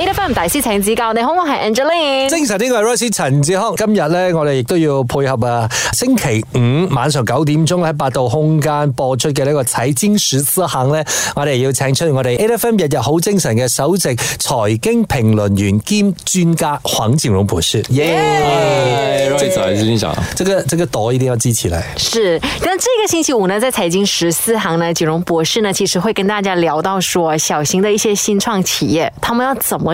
A. F. M. 大師請指教，你好我係 Angeline。精神呢個係 Royce，陳志康。今日咧，我哋亦都要配合啊，星期五晚上九點鐘喺八度空間播出嘅呢、這個《財經十四行》咧，我哋要請出我哋 A. F. M. 日日好精神嘅首席財經評論員兼專家黃錦榮博士。耶、yeah! yeah! yeah! yeah! yeah! yeah! right.，最早還是最早，這個這個朵一定要支持你。是，但呢個星期五呢，在財經十四行呢，錦榮博士呢，其實會跟大家聊到說，小型嘅一些新創企業，他們要怎麼？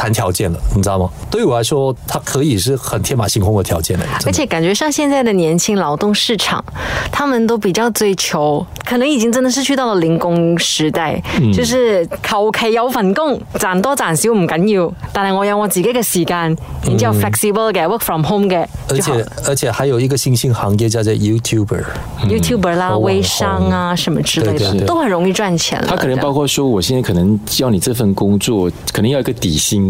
談條件了，你知道嗎？對於我來說，他可以是很天馬行空的條件了的。而且感覺像現在的年輕勞動市場，他們都比較追求，可能已經真的是去到了零工時代，嗯、就是求其、嗯、有份工，賺多賺少唔緊要，但係我有我自己嘅時間，嗯、叫 flexible 嘅 work from home 嘅。而且而且還有一個新興行業叫做 YouTuber，YouTuber 啦、嗯 YouTuber 啊、微商啊什麼之類的，的，都很容易賺錢。他可能包括說，我現在可能要你這份工作，可能要一個底薪。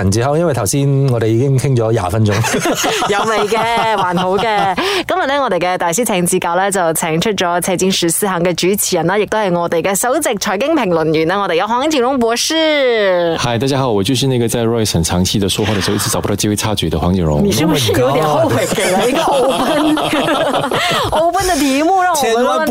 因為頭先我哋已經傾咗廿分鐘，有味嘅，還好嘅。今日呢，我哋嘅大師請指教呢，就請出咗財經十四行》嘅主持人啦，亦都係我哋嘅首席財經評論員呢，我哋有黃錦榮博士。Hi，大家好，我就是那個在 Royce 長期的說話的時候一直找不到機會插嘴嘅黃錦榮。你是不是有點後悔，給了一個歐文歐文的題目讓我？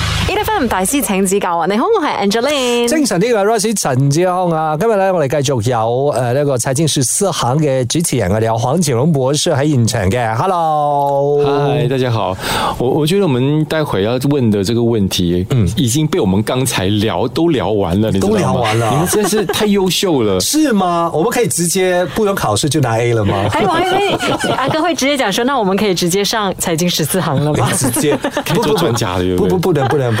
《A. 得 F.》林大師請指教啊！你好，我係 Angeline。精神呢嘅 Royce 陳志康啊！今日呢我哋繼續有誒呢個財經十四行嘅主持人啊，聊黃錦榮博士喺現場嘅 Hello。Hello，Hi 大家好。我我覺得我們待會要問的這個問題，嗯，已經被我們剛才聊都聊完了，你都聊完了， 你們真是太優秀了， 是嗎？我們可以直接不用考試就拿 A 了嗎？可以，阿哥會直接講說，那我們可以直接上財經十四行咯。直接，可以做 不准假嘅，不不能不能。不能不能不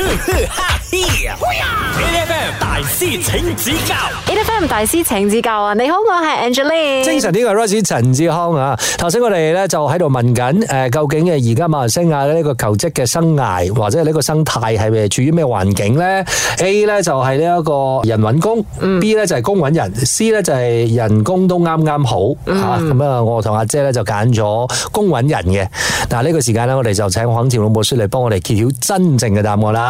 Here，A F M 大師請指教，A F M 大師請指教啊！你好，我係 Angeline，精神呢個 Royce 陳志康啊！頭先我哋咧就喺度問緊誒，究竟嘅而家馬來西亞呢個求職嘅生涯或者呢個生態係咪處於咩環境咧？A 咧就係呢一個人揾工，嗯、B 咧就係工揾人，C 咧就係人工都啱啱好吓。咁，嗯、啊，我同阿姐咧就揀咗工揾人嘅。嗱呢個時間咧，我哋就請黃錦榮博士嚟幫我哋揭曉真正嘅答案啦！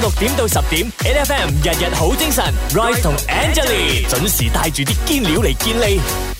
六點到十點 NFM 日日好精神。Royce 同 Angeline 準時帶住啲堅料嚟健利。